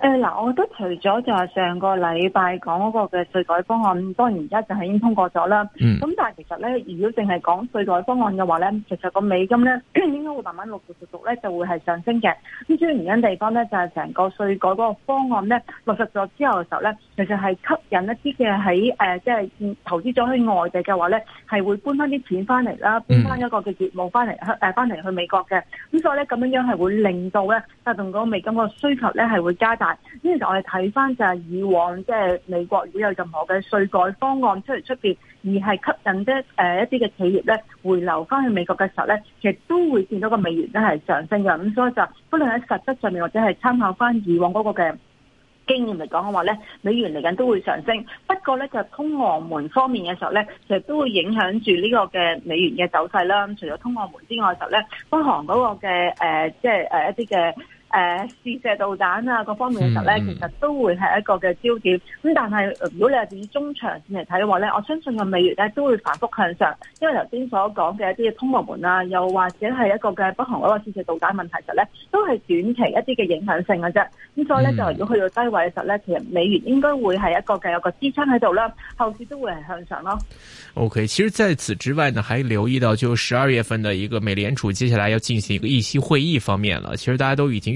嗱、呃，我覺得除咗就係上個禮拜講嗰個嘅稅改方案，當然而家就係已經通過咗啦。咁、嗯、但係其實咧，如果淨係講稅改方案嘅話咧，其實個美金咧應該會慢慢陸陸續續咧就會係上升嘅。咁主要原因地方咧就係、是、成個稅改嗰個方案咧，落實咗之後嘅時候咧，其實係吸引一啲嘅喺即係投資咗喺外地嘅話咧，係會搬翻啲錢翻嚟啦，搬翻一個嘅業務翻嚟帶翻嚟去美國嘅。咁所以咧咁樣樣係會令到咧，誒同個美金嗰個需求咧係會加大。因為我就我哋睇翻就係以往即係美國如果有任何嘅稅改方案出嚟出邊，而係吸引啲誒一啲嘅企業咧回流翻去美國嘅時候咧，其實都會見到個美元咧係上升嘅。咁所以就不論喺實質上面或者係參考翻以往嗰個嘅經驗嚟講嘅話咧，美元嚟緊都會上升。不過咧就通俄門方面嘅時候咧，其實都會影響住呢個嘅美元嘅走勢啦。咁除咗通俄門之外嘅時候咧，北韓嗰個嘅誒即係誒一啲嘅。誒，試射導彈啊，各方面嘅時候咧，其實都會係一個嘅焦點。咁、嗯、但係如果你係以中長線嚟睇嘅話咧，我相信個美元咧都會反復向上，因為頭先所講嘅一啲嘅通貨門啊，又或者係一個嘅北韓嗰個試射導彈問題，其實咧都係短期一啲嘅影響性嘅啫。咁所以咧就如果去到低位嘅時候咧，其實美元應該會係一個嘅有個支撐喺度啦，後市都會係向上咯。O、okay, K，其實在此之外呢，還留意到就十二月份嘅一個美聯儲接下來要進行一個議息會議方面啦。其實大家都已經。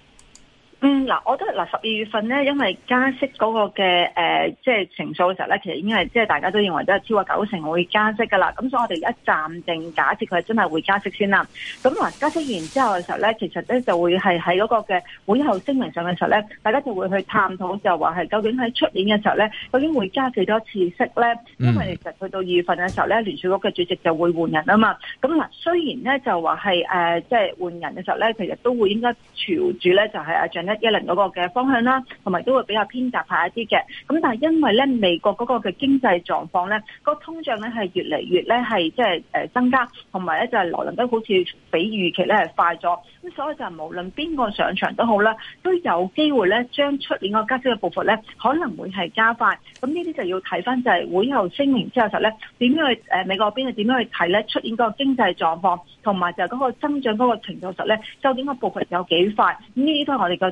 嗯，嗱，我覺得嗱，十二月份咧，因為加息嗰、那個嘅，即係成數嘅時候咧，其實已經係即係大家都認為都係超過九成會加息噶啦。咁所以我哋一暫定假設佢真係會加息先啦。咁、嗯、嗱，加息完之後嘅時候咧，其實咧就會係喺嗰個嘅會後聲明上嘅時候咧，大家就會去探討就話係究竟喺出年嘅時候咧，究竟會加幾多次息咧？因為其實去到二月份嘅時候咧，聯儲局嘅主席就會換人啊嘛。咁、嗯、嗱、嗯嗯，雖然咧就話係誒，即、呃、係換人嘅時候咧，其實都會應該朝住咧就係阿張，一零嗰個嘅方向啦，同埋都會比較偏鷹派一啲嘅。咁但係因為咧美國嗰個嘅經濟狀況咧，個通脹咧係越嚟越咧係即係誒增加，同埋咧就係勞倫德好似比預期咧係快咗。咁所以就無論邊個上場都好啦，都有機會咧將出年個加息嘅步伐咧可能會係加快。咁呢啲就要睇翻就係會後聲明之後實咧點樣去誒美國邊度點樣去睇咧出年嗰個經濟狀況，同埋就係嗰個增長嗰個程度實咧究竟個步伐有幾快？呢啲都係我哋個。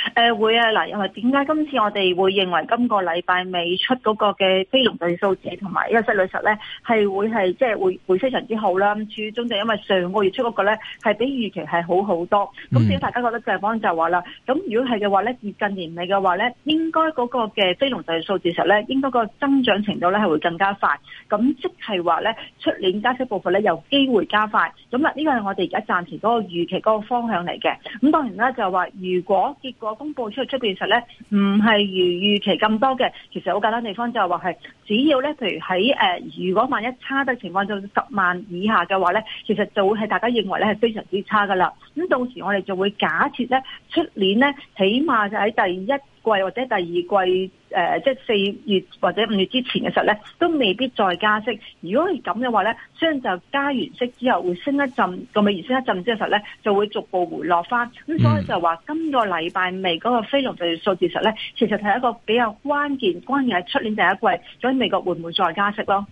誒、呃、會啊！嗱，因為點解今次我哋會認為今個禮拜未出嗰個嘅非農對數字同埋一室女實咧，係會係即係會會非常之好啦。始終就因為上個月出嗰個咧，係比預期係好好多。咁至於大家覺得嘅方就話啦，咁如果係嘅話咧，越近年尾嘅話咧，應該嗰個嘅非農對數字實咧，應該個增長程度咧係會更加快。咁即係話咧，出年加息步伐咧有機會加快。咁啊，呢個係我哋而家暫時嗰個預期嗰個方向嚟嘅。咁當然啦，就話如果結果，公布出去出邊實咧，唔係如預期咁多嘅，其實好簡單，地方就係話係。只要咧，譬如喺誒、呃，如果萬一差嘅情況就十萬以下嘅話咧，其實就會係大家認為咧係非常之差噶啦。咁到時我哋就會假設咧，出年咧起碼就喺第一季或者第二季誒、呃，即係四月或者五月之前嘅時候咧，都未必再加息。如果係咁嘅話咧，雖然就加完息之後會升一陣，咁咪升一陣之後咧就會逐步回落翻。咁、嗯、所以就話今個禮拜尾嗰個非農就業數字實咧，其實係一個比較關鍵，關鍵係出年第一季。美國會不會再加息咯？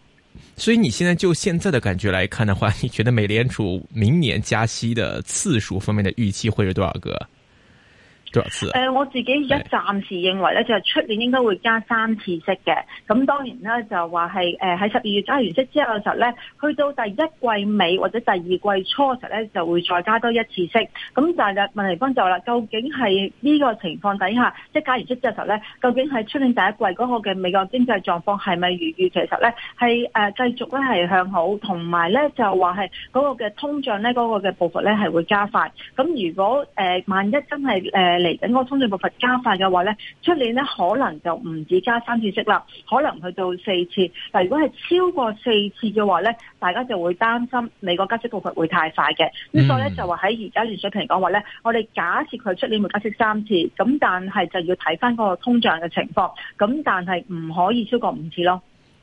所以你現在就現在的感覺來看的話，你覺得美聯儲明年加息的次數方面的預期會有多少個？誒，我自己而家暫時認為咧，就係出年應該會加三次息嘅。咁當然啦，就話係誒喺十二月加完息之後嘅時候咧，去到第一季尾或者第二季初嘅時候咧，就會再加多一次息。咁但係啦，問題方就啦，是，究竟係呢個情況底下，即係加完息之後時候咧，究竟係出年第一季嗰個嘅美國經濟狀況係咪如預期？其實咧係誒繼續咧係向好，同埋咧就話係嗰個嘅通脹咧嗰個嘅步伐咧係會加快。咁如果誒萬一真係誒，嚟緊，個通脹步伐加快嘅話咧，出年咧可能就唔止加三次息啦，可能去到四次。但如果係超過四次嘅話咧，大家就會擔心美國加息步伐會太快嘅。呢、嗯、所以咧就話喺而家呢個水平講話咧，我哋假設佢出年會加息三次，咁但係就要睇返嗰個通脹嘅情況。咁但係唔可以超過五次咯。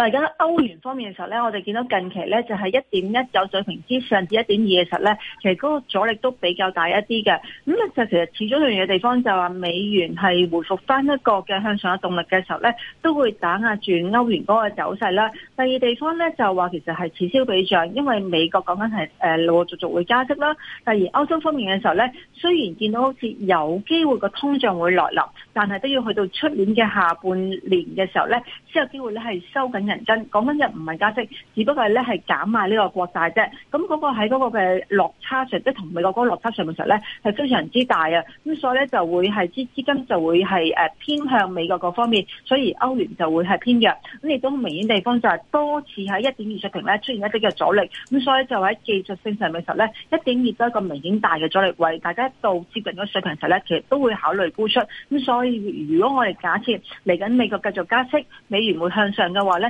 但係而家歐元方面嘅時候咧，我哋見到近期咧就係一點一九水平之上至一點二嘅時候咧，其實嗰個阻力都比較大一啲嘅。咁咧就其實始終一樣嘅地方就係話美元係回復翻一個嘅向上嘅動力嘅時候咧，都會打壓住歐元嗰個走勢啦。第二地方咧就話其實係此消彼長，因為美國講緊係誒陸陸續續會加息啦。第二歐洲方面嘅時候咧，雖然見到好似有機會個通脹會來臨，但係都要去到出年嘅下半年嘅時候咧，先有機會咧係收緊。講緊一唔係加息，只不過係咧係減賣呢個國債啫。咁、那、嗰個喺嗰個嘅落差上，即係同美國嗰個落差上嘅時候咧，係、就是、非常之大啊。咁所以咧就會係資資金就會係誒偏向美國嗰方面，所以歐元就會係偏弱。咁亦都明顯地方就係多次喺一點二水平咧出現一啲嘅阻力。咁所以就喺技術性上嘅時候咧，一點二都係一個明顯大嘅阻力位。為大家到接近嗰個水平嘅時候咧，其實都會考慮沽出。咁所以如果我哋假設嚟緊美國繼續加息，美元會向上嘅話咧。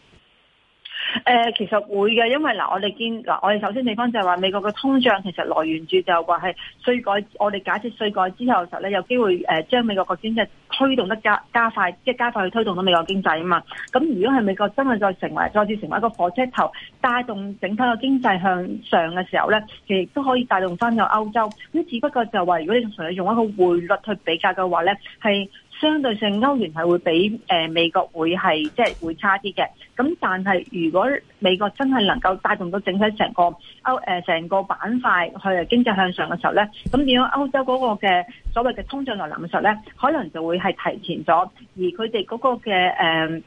誒、呃，其實會嘅，因為嗱，我哋見嗱，我哋首先地方就係話，美國嘅通脹其實來源住就話係稅改，我哋假設稅改之後嘅時候咧有機會誒、呃，將美國個經濟推動得加加快，即係加快去推動到美國經濟啊嘛。咁如果係美國真係再成為，再次成為一個火車頭，帶動整體個經濟向上嘅時候咧，其實都可以帶動翻個歐洲。咁只不過就係話，如果你同時你用一個匯率去比較嘅話咧，係。相對性歐元係會比誒美國會係即係會差啲嘅，咁但係如果美國真係能夠帶動到整體成個歐誒成個板塊去經濟向上嘅時候咧，咁點解歐洲嗰個嘅所謂嘅通脹來臨嘅時候咧，可能就會係提前咗，而佢哋嗰個嘅誒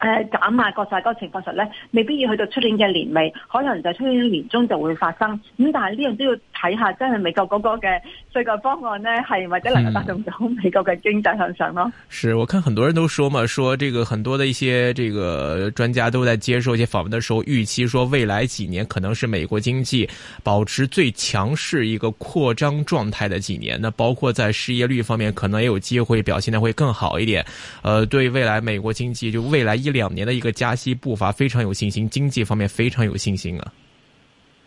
誒減賣國債嗰個情況時咧，未必要去到出年嘅年尾，可能就出年年中就會發生。咁但係呢樣都要。睇下真係美國嗰個嘅稅改方案呢，係或者能夠帶動到美國嘅經濟向上咯，嗯。是，我看很多人都說嘛，說這個很多的一些這個專家都在接受一些訪問的時候，預期說未來幾年可能是美國經濟保持最強勢一個擴張狀態的幾年。那包括在失業率方面，可能也有機會表現得會更好一點。呃，對未來美國經濟就未來一兩年的一個加息步伐非常有信心，經濟方面非常有信心啊。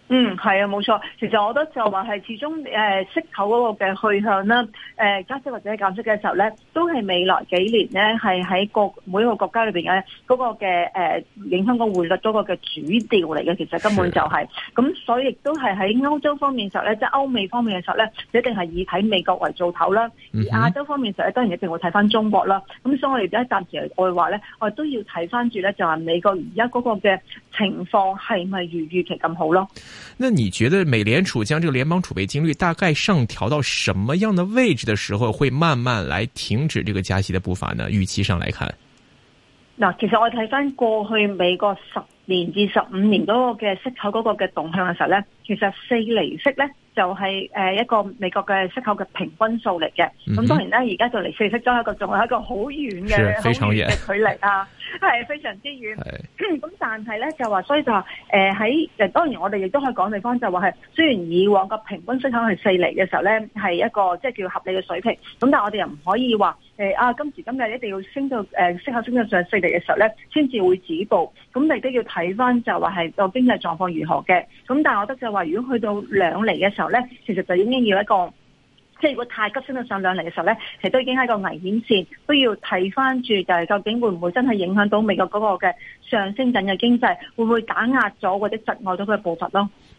嗯，係啊，冇錯。其實我覺得就話係始終誒、呃、息口嗰個嘅去向啦，誒、呃、加息或者係減息嘅時候咧，都係未來幾年咧係喺國每一個國家裏邊嘅嗰個嘅誒、呃、影響個匯率嗰個嘅主調嚟嘅。其實根本就係、是、咁，的所以亦都係喺歐洲方面時候咧，即係歐美方面嘅時候咧，一定係以睇美國為做頭啦。嗯、哼而亞洲方面時候咧，當然一定會睇翻中國啦。咁所以我哋而家暫時嚟話咧，我哋都要睇翻住咧，就話美國而家嗰個嘅情況係咪如預期咁好咯？那你覺得美聯儲將這個聯邦儲備金率大概上調到什麼樣的位置的時候，會慢慢來停止這個加息的步伐呢？預期上來看，嗱，其實我睇翻過去美國十年至十五年嗰個嘅息口嗰個嘅動向嘅時候呢，其實四厘息呢。就係誒一個美國嘅息口嘅平均數嚟嘅，咁、嗯、哼當然咧，而家就嚟四息，中有一個仲係一個好遠嘅、嘅距離啊，係非常之遠。咁是、嗯、但係咧就話，所以就誒喺誒當然我哋亦都可以講地方就話、是、係，雖然以往個平均息口係四厘嘅時候咧，係一個即係、就是、叫合理嘅水平，咁但係我哋又唔可以話、呃、啊今時今日一定要升到誒息口升到上四厘嘅時候咧，先至會止步。咁你都要睇翻就話係個經濟狀況如何嘅。咁但係我覺得就話，如果去到兩厘嘅時候，咧，其實就已經要一個，即係如果太急升到上兩釐嘅時候咧，其實都已經係一個危險線，都要睇翻住，就係究竟會唔會真係影響到美國嗰個嘅上升緊嘅經濟，會唔會打壓咗或者窒礙咗佢嘅步伐咯？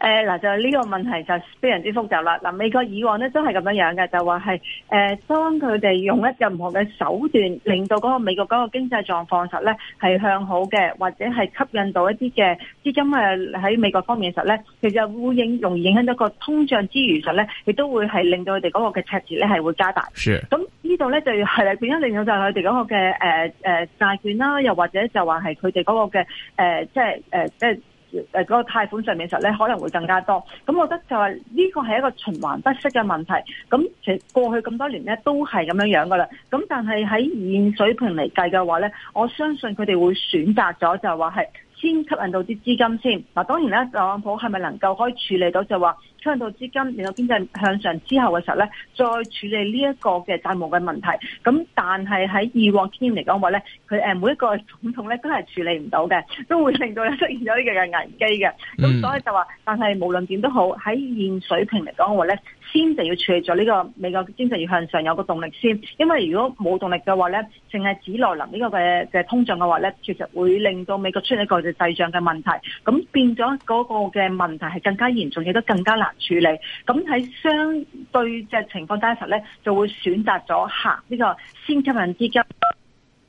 誒嗱、呃，就呢個問題就非常之複雜啦。嗱，美國以往咧都係咁樣樣嘅，就話係誒，當佢哋用一任何嘅手段，令到嗰個美國嗰個經濟狀況實咧係向好嘅，或者係吸引到一啲嘅資金誒喺美國方面實咧，其實會影容易影響到個通脹之餘，實咧亦都會係令到佢哋嗰個嘅赤字咧係會加大。是的。咁呢度咧就係係變咗影響就係佢哋嗰個嘅誒誒債券啦，又或者就話係佢哋嗰個嘅誒、呃、即係誒即係。呃誒個貸款上面實咧可能會更加多，咁我覺得就係呢個係一個循環不息嘅問題，咁過去咁多年咧都係咁樣樣噶啦，咁但係喺現水平嚟計嘅話咧，我相信佢哋會選擇咗就係話係。先吸引到啲資金先，嗱當然咧，特朗普係咪能夠可以處理到就話吸引到資金令到經濟向上之後嘅時候咧，再處理呢一個嘅債務嘅問題？咁但係喺以往經驗嚟講話咧，佢誒每一個總統咧都係處理唔到嘅，都會令到咧出現咗呢個嘅危機嘅。咁、嗯、所以就話，但係無論點都好，喺現水平嚟講話咧。先就要處理咗呢個美國經濟要向上有個動力先，因為如果冇動力嘅話呢，淨係只來臨呢個嘅通脹嘅話呢，其實會令到美國出現一個嘅滯脹嘅問題，咁變咗嗰個嘅問題係更加嚴重，亦都更加難處理。咁喺相對嘅情況底下呢，實咧就會選擇咗行呢個先吸引資金。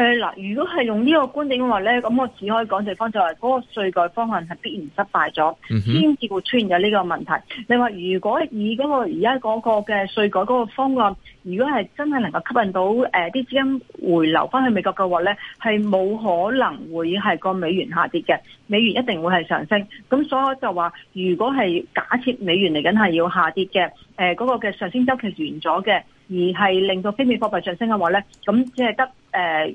誒嗱、呃，如果係用呢個觀點嘅話咧，咁我只可以講地方就係嗰個稅改方案係必然失敗咗，先至會出現咗呢個問題。另外，如果以嗰個而家嗰個嘅稅改嗰個方案，如果係真係能夠吸引到誒啲、呃、資金回流翻去美國嘅話咧，係冇可能會係個美元下跌嘅，美元一定會係上升。咁所以我就話，如果係假設美元嚟緊係要下跌嘅，誒、呃、嗰、那個嘅上升周期完咗嘅，而係令到非美貨幣上升嘅話咧，咁只係得誒。呃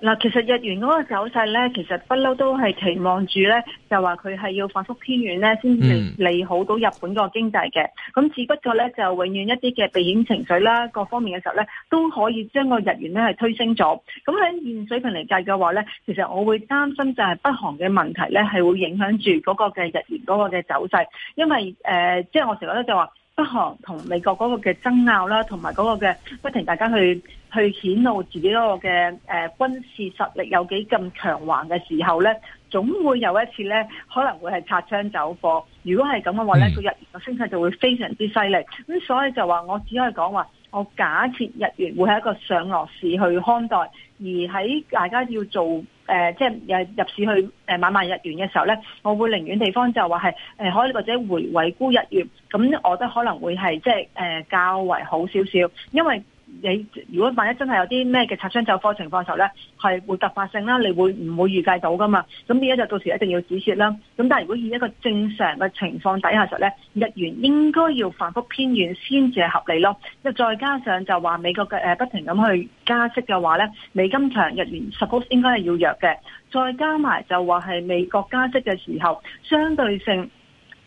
嗱，其實日元嗰個走勢咧，其實不嬲都係期望住咧，就話佢係要反覆偏軟咧，先至利好到日本嗰個經濟嘅。咁、嗯、只不過咧，就永遠一啲嘅避險情緒啦，各方面嘅時候咧，都可以將個日元咧係推升咗。咁喺現水平嚟計嘅話咧，其實我會擔心就係北韓嘅問題咧，係會影響住嗰個嘅日元嗰個嘅走勢，因為誒、呃，即係我成日咧就話。北韓同美國嗰個嘅爭拗啦，同埋嗰個嘅不停大家去去顯露自己嗰個嘅誒軍事實力有幾咁強橫嘅時候呢，總會有一次呢可能會係擦槍走火。如果係咁嘅話呢，佢日元嘅升勢就會非常之犀利。咁所以就話我只可以講話，我假設日元會係一個上落市去看待，而喺大家要做。誒、呃、即係入入市去誒買賣日元嘅時候咧，我會寧願地方就話係誒可以或者回回沽日元，咁我覺得可能會係即係誒較為好少少，因為。你如果萬一真係有啲咩嘅擦槍走火情況嘅時候咧，係會突發性啦，你會唔會預計到噶嘛？咁呢一就到時一定要止蝕啦。咁但係如果以一個正常嘅情況底下實咧，日元應該要反覆偏軟先至係合理咯。再加上就話美國嘅誒不停咁去加息嘅話咧，美金強，日元 suppose 應該係要弱嘅。再加埋就話係美國加息嘅時候，相對性。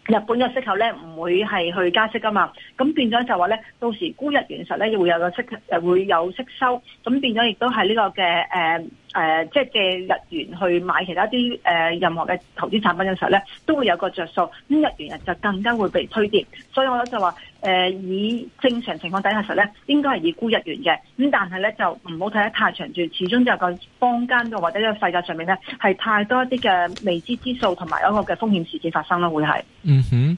日本嘅息口咧唔會係去加息噶嘛，咁變咗就話咧，到時沽日元實咧會有個息，誒會有息收，咁變咗亦都係呢個嘅誒誒、呃，即係借日元去買其他啲誒、呃、任何嘅投資產品嘅時候咧，都會有個着數。咁日元日就更加會被推跌，所以我就話誒、呃，以正常情況底下實咧，應該係以沽日元嘅。咁但係咧，就唔好睇得太長住，始終就有個坊間或者個世界上面咧，係太多一啲嘅未知之數同埋一個嘅風險事件發生啦，會係。嗯哼。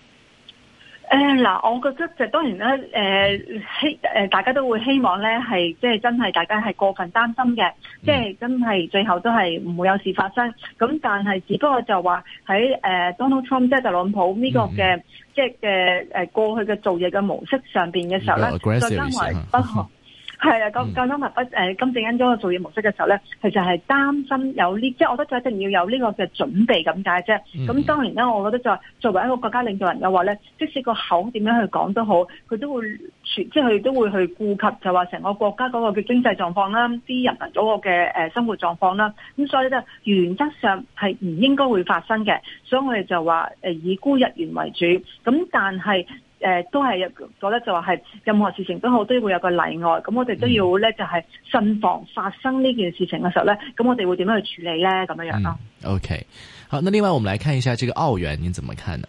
誒嗱、呃，我覺得就當然咧，誒希誒大家都會希望咧，係即係真係大家係過分擔心嘅，嗯、即係真係最後都係唔會有事發生。咁但係，只不過就話喺誒 Donald Trump 即係特朗普呢個嘅、嗯、即係嘅誒過去嘅做嘢嘅模式上邊嘅時候咧，就因、嗯、為不可。 係啊，教教咗麥不誒金正恩嗰嘅做嘢模式嘅時候咧，其實係擔心有呢，即係我覺得就一定要有呢個嘅準備咁解啫。咁、mm hmm. 當然啦，我覺得就作為一個國家領導人嘅話咧，即使個口點樣去講都好，佢都會全即係佢都會去顧及，就話成個國家嗰個嘅經濟狀況啦，啲人民嗰個嘅誒生活狀況啦。咁所以咧，原則上係唔應該會發生嘅，所以我哋就話誒以孤日元為主。咁但係。誒、呃，都係，入咗咧就話係任何事情都好，都會有個例外。咁我哋都要咧，就係慎防發生呢件事情嘅時候咧，咁、嗯、我哋會點樣去處理咧？咁樣樣咯、嗯。OK，好，那另外我們來看一下這個澳元，您怎麼看呢？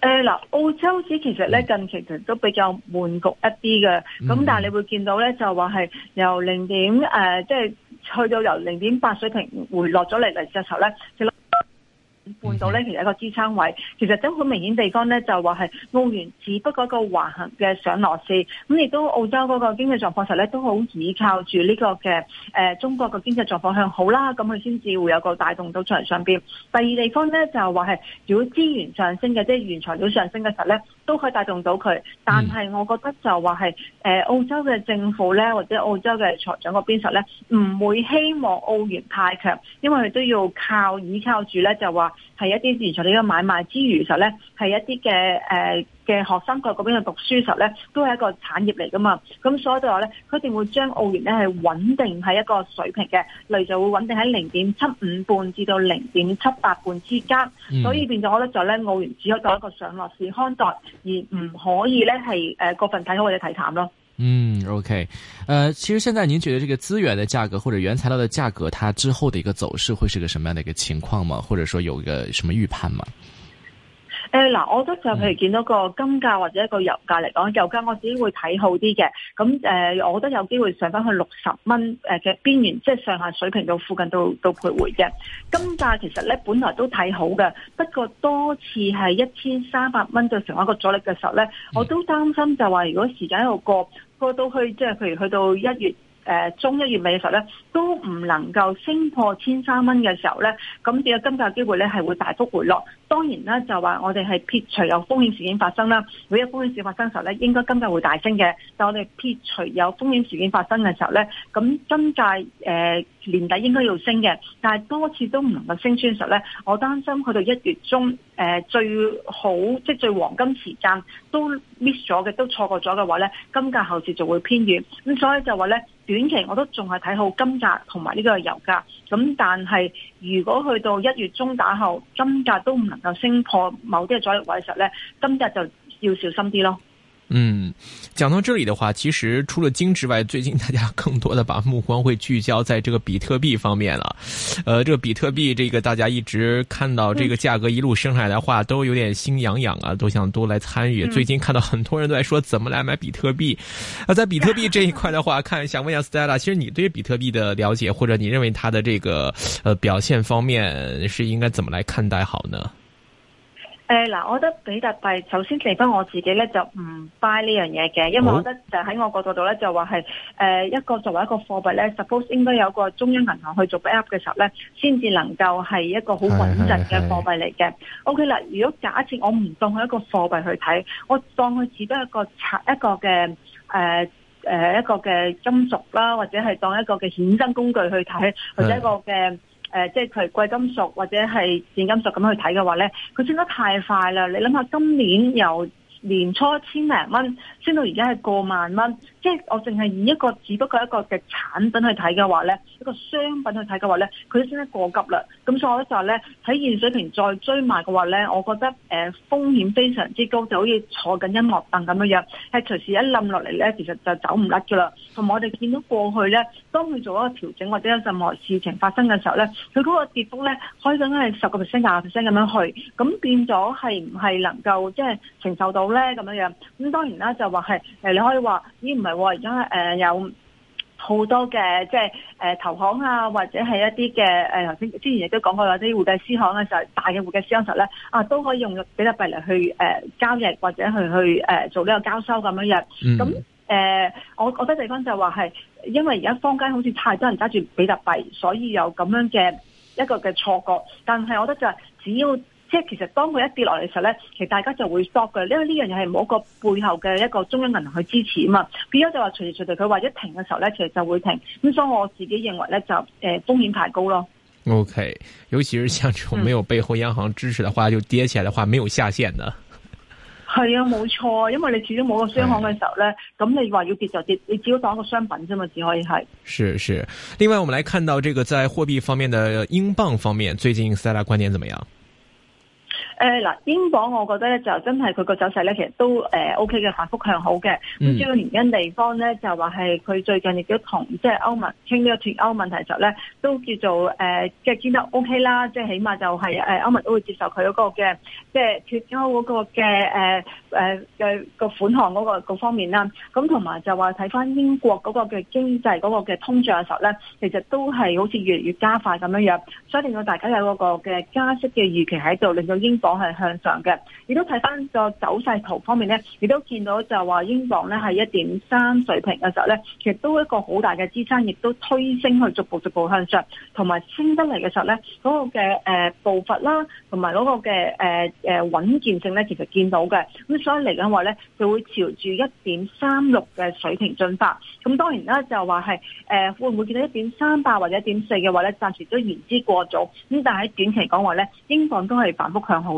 誒嗱、呃，澳洲市其實咧、嗯、近期都比較悶焗一啲嘅，咁、嗯、但係你會見到咧，就話係由零點誒，即、呃、係、就是、去到由零點八水平回落咗嚟嚟嘅時候咧，半島咧，其實一個支撐位。其實都好明顯地方咧，就話係澳元，只不過一個橫行嘅上落市。咁亦都澳洲嗰個經濟狀況實咧，都好倚靠住呢個嘅誒、呃、中國嘅經濟狀況向好啦，咁佢先至會有一個帶動到出嚟上邊。第二地方咧，就話係如果資源上升嘅，即係原材料上升嘅時候咧。都可以帶動到佢，但係我覺得就話係誒澳洲嘅政府咧，或者澳洲嘅財長嗰邊實咧，唔會希望澳元太強，因為佢都要靠倚靠住咧，就話係一啲原材料嘅買賣之餘，實咧係一啲嘅誒。呃嘅學生佢喺嗰邊去讀書時候咧，都係一個產業嚟噶嘛，咁所以都話咧，佢哋一定會將澳元咧係穩定喺一個水平嘅，例如就會穩定喺零點七五半至到零點七八半之間，所以變咗我覺得就咧澳元只喺做一個上落市看待，而唔可以咧係誒過分睇好或者睇淡咯。嗯，OK，誒、呃，其實現在您覺得這個資源嘅價格或者原材料嘅價格，它之後嘅一個走勢會是個什麼樣的一個情況嘛？或者說有一個什麼預判嘛？誒，嗱、嗯，我覺得就譬如見到個金價或者一個油價嚟講，油價我自己會睇好啲嘅。咁，誒、呃，我覺得有機會上翻去六十蚊，誒嘅邊緣，即係上下水平度附近度度徘徊嘅。金價其實咧，本來都睇好嘅，不過多次係一千三百蚊就成為一個阻力嘅時候咧，我都擔心就話，如果時間一路過過到去，即係譬如去到一月，誒、呃、中一月尾嘅時候咧，都唔能夠升破千三蚊嘅時候咧，咁只有金價機會咧係會大幅回落。當然啦，就話我哋係撇除有風險事件發生啦。每一風險事件發生嘅時候咧，應該金價會大升嘅。但我哋撇除有風險事件發生嘅時候咧，咁金價年底應該要升嘅。但係多次都唔能夠升穿嘅時候咧，我擔心去到一月中最好即係最黃金時間都 miss 咗嘅，都錯過咗嘅話咧，金價後市就會偏軟。咁所以就話咧，短期我都仲係睇好金價同埋呢個油價。咁但係如果去到一月中打後金價都唔能就升破某啲阻力位嘅時候咧，今日就要小心啲咯。嗯，講到這裏的話，其實除了金之外，最近大家更多的把目光會聚焦在這個比特幣方面了、啊、呃，這個比特幣，這個大家一直看到這個價格一路升上來的話、嗯、都有點心癢癢啊，都想多來參與。嗯、最近看到很多人都來說，怎麼來買比特幣？啊，在比特幣這一塊的話，看 想問一下 Stella，其實你對比特幣的了解，或者你認為它的這個，呃，表現方面是應該怎麼來看待好呢？誒，嗱、呃，我覺得比特幣首先離翻我自己咧就唔 buy 呢樣嘢嘅，因為我覺得就喺我角度度咧就話係，誒、呃、一個作為一個貨幣咧，suppose 應該有個中央銀行去做 backup 嘅時候咧，先至能夠係一個好穩陣嘅貨幣嚟嘅。OK 啦，如果假設我唔當佢一個貨幣去睇，我當佢只不過一個拆一個嘅，誒、呃呃、一個嘅金屬啦，或者係當一個嘅衍生工具去睇，或者一個嘅。誒，即係佢係貴金屬或者係賤金屬咁樣去睇嘅話咧，佢升得太快啦！你諗下，今年由年初一千零蚊升到而家係過萬蚊。即係我淨係以一個只不過一個嘅產品去睇嘅話咧，一個商品去睇嘅話咧，佢先係過急啦。咁所以我就話咧，喺現水平再追埋嘅話咧，我覺得誒風險非常之高，就好似坐緊音樂凳咁樣樣，係隨時一冧落嚟咧，其實就走唔甩㗎啦。同埋我哋見到過去咧，當佢做一個調整或者有任何事情發生嘅時候咧，佢嗰個跌幅咧，可以等係十個 percent、廿個 percent 咁樣去，咁變咗係唔係能夠即係承受到咧咁樣樣？咁當然啦，就話係你可以話唔係係而家誒有好多嘅即係誒、呃、投行啊，或者係一啲嘅誒頭先之前亦都講過，有啲會計師行咧就係大嘅會計師行實咧啊，都可以用比特幣嚟去誒、呃、交易或者去去誒、呃、做呢個交收咁樣樣。咁誒、嗯呃，我覺得地方就話係因為而家坊間好似太多人揸住比特幣，所以有咁樣嘅一個嘅錯覺。但係我覺得就係只要。即係其實當佢一跌落嚟嘅時候咧，其實大家就會 stop 嘅，因為呢樣嘢係冇一個背後嘅一個中央銀行去支持啊嘛。變咗就話隨時隨地佢話一停嘅時候咧，其實就會停。咁所以我自己認為咧，就誒、呃、風險太高咯。OK，尤其是像這種沒有背後央行支持嘅話，嗯、就跌起來嘅話，沒有下限的 是啊。係啊，冇錯，因為你始終冇個商行嘅時候咧，咁、哎、你話要跌就跌，你只要做一個商品啫嘛，只可以係。是是。另外，我們來看到這個在貨幣方面的英鎊方面，最近 Stella 觀點怎麼樣？誒嗱，英鎊我覺得咧就真係佢個走勢咧，其實都誒 O K 嘅，反覆向好嘅。主要原因地方咧就話係佢最近亦都同即係歐盟傾呢個脱歐問題時候咧，都叫做誒即係傾得 O K 啦，即係起碼就係誒歐盟都會接受佢嗰個嘅即係脱歐嗰個嘅誒誒嘅個款項嗰個方面啦。咁同埋就話睇翻英國嗰個嘅經濟嗰個嘅通脹嘅時候咧，其實都係好似越嚟越加快咁樣樣，所以令到大家有嗰個嘅加息嘅預期喺度，令到英鎊。我係向上嘅，亦都睇翻個走勢圖方面咧，亦都見到就話英鎊咧喺一點三水平嘅時候咧，其實都一個好大嘅支撐，亦都推升去逐步逐步向上，同埋升得嚟嘅時候咧，嗰個嘅誒步伐啦，同埋嗰個嘅誒誒穩健性咧，其實見到嘅，咁所以嚟緊話咧，就會朝住一點三六嘅水平進發。咁當然啦，就話係誒會唔會見到一點三八或者一點四嘅話咧，暫時都言之過早。咁但係喺短期講話咧，英鎊都係反復向好。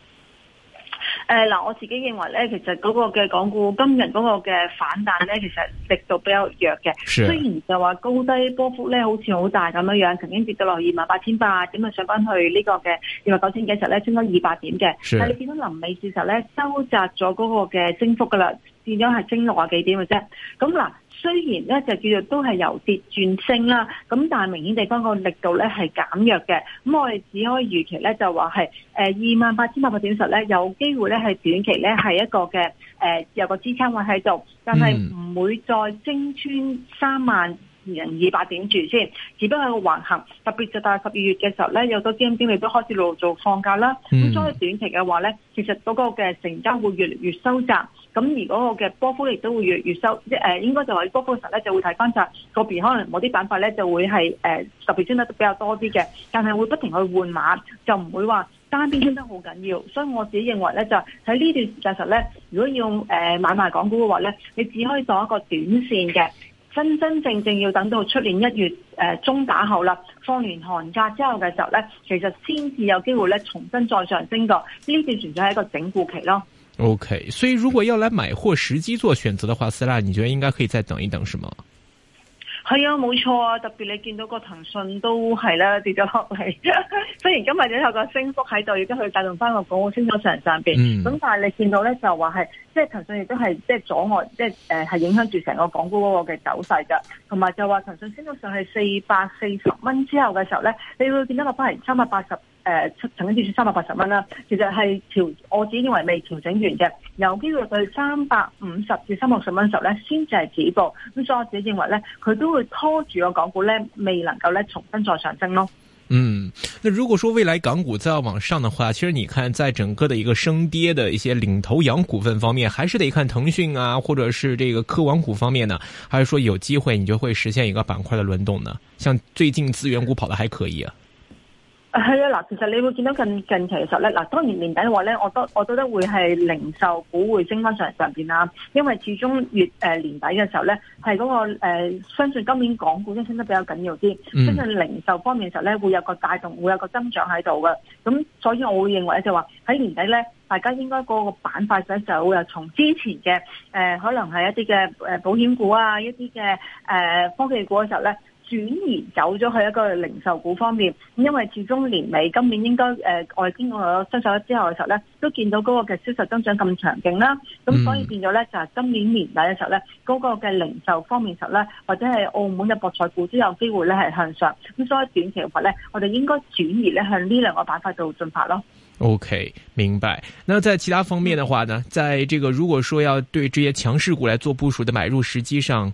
誒，嗱、呃、我自己認為咧，其實嗰個嘅港股今日嗰個嘅反彈咧，其實力度比較弱嘅。是的 雖然就話高低波幅咧，好似好大咁樣，曾經跌到落二萬八千八，點啊上翻去個 29, 呢個嘅二萬九千幾時咧，升咗二百點嘅。是的 但係你見到臨尾時實咧，收窄咗嗰個嘅升幅㗎啦。變咗係升六啊幾點嘅啫，咁嗱，雖然咧就叫做都係由跌轉升啦，咁但係明顯地方個力度咧係減弱嘅，咁我哋只可以預期咧就話係誒二萬八千八百點時咧有機會咧係短期咧係一個嘅誒、呃、有個支撐位喺度，但係唔會再升穿三萬零二百點住先，只不過係個橫行，特別就大係十二月嘅時候咧有好多基金經理都開始陸續放假啦，咁所以短期嘅話咧其實嗰個嘅成交會越嚟越收窄。咁而嗰個嘅波幅亦都會越越收，即、呃、係應該就係波幅實咧就會睇翻曬個別可能某啲板塊咧就會係誒特別升得比較多啲嘅，但係會不停去換馬，就唔會話單邊升得好緊要。所以我自己認為咧就喺呢段時間咧，如果要誒、呃、買賣港股嘅話咧，你只可以做一個短線嘅，真真正正要等到出年一月、呃、中打後啦，放完寒假之後嘅時候咧，其實先至有機會咧重新再上升過。呢段存在係一個整固期咯。O、okay, K，所以如果要來買貨時機做選擇嘅話，Stella，你覺得應該可以再等一等，是嗎？係啊，冇錯啊，特別你見到個騰訊都係啦，跌咗落嚟。雖然今日都有個升幅喺度，已經去帶動翻個港股升咗上上邊。咁但係你見到咧就話係，即係騰訊亦都係即係阻礙，即係誒係影響住成個港股嗰個嘅走勢噶。同埋就話騰訊升咗上去四百四十蚊之後嘅時候咧，你會見到落翻嚟三百八十。誒，曾經跌出三百八十蚊啦，其實係調，我自己認為未調整完嘅，有機會對三百五十至三百六十蚊時候呢，先至係止步。咁所以我自己認為呢，佢都會拖住個港股呢，未能夠呢重新再上升咯。嗯，那如果說未來港股再往上的話，其實你看在整個的一個升跌的一些領頭羊股份方面，還是得看騰訊啊，或者是這個科網股方面呢？還是說有機會你就會實現一個板塊的輪動呢？像最近資源股跑得還可以啊。係啊，嗱，其實你會見到近近期嘅時候咧，嗱，當然年底嘅話咧，我都我覺得會係零售股會升翻上嚟上邊啦，因為始終月、呃、年底嘅時候咧，係嗰、那個相信、呃、今年港股都升得比較緊要啲，相信、嗯、零售方面嘅時候咧，會有個帶動，會有個增長喺度嘅，咁所以我會認為就話喺年底咧，大家應該嗰個板塊上就會從之前嘅、呃、可能係一啲嘅保險股啊，一啲嘅誒科技股嘅時候咧。轉移走咗去一個零售股方面，咁因為始終年尾今年應該誒外經過咗雙十一之後嘅時候咧，都見到嗰個嘅銷售增長咁強勁啦，咁所以變咗咧就係、是、今年年底嘅時候咧，嗰、那個嘅零售方面的時候咧或者係澳門嘅博彩股都有機會咧係向上，咁所以短期嘅話咧，我哋應該轉移咧向呢兩個板塊度進發咯。OK，明白。那在其他方面嘅話呢，在這個如果說要對這些強勢股來做部署的買入時機上。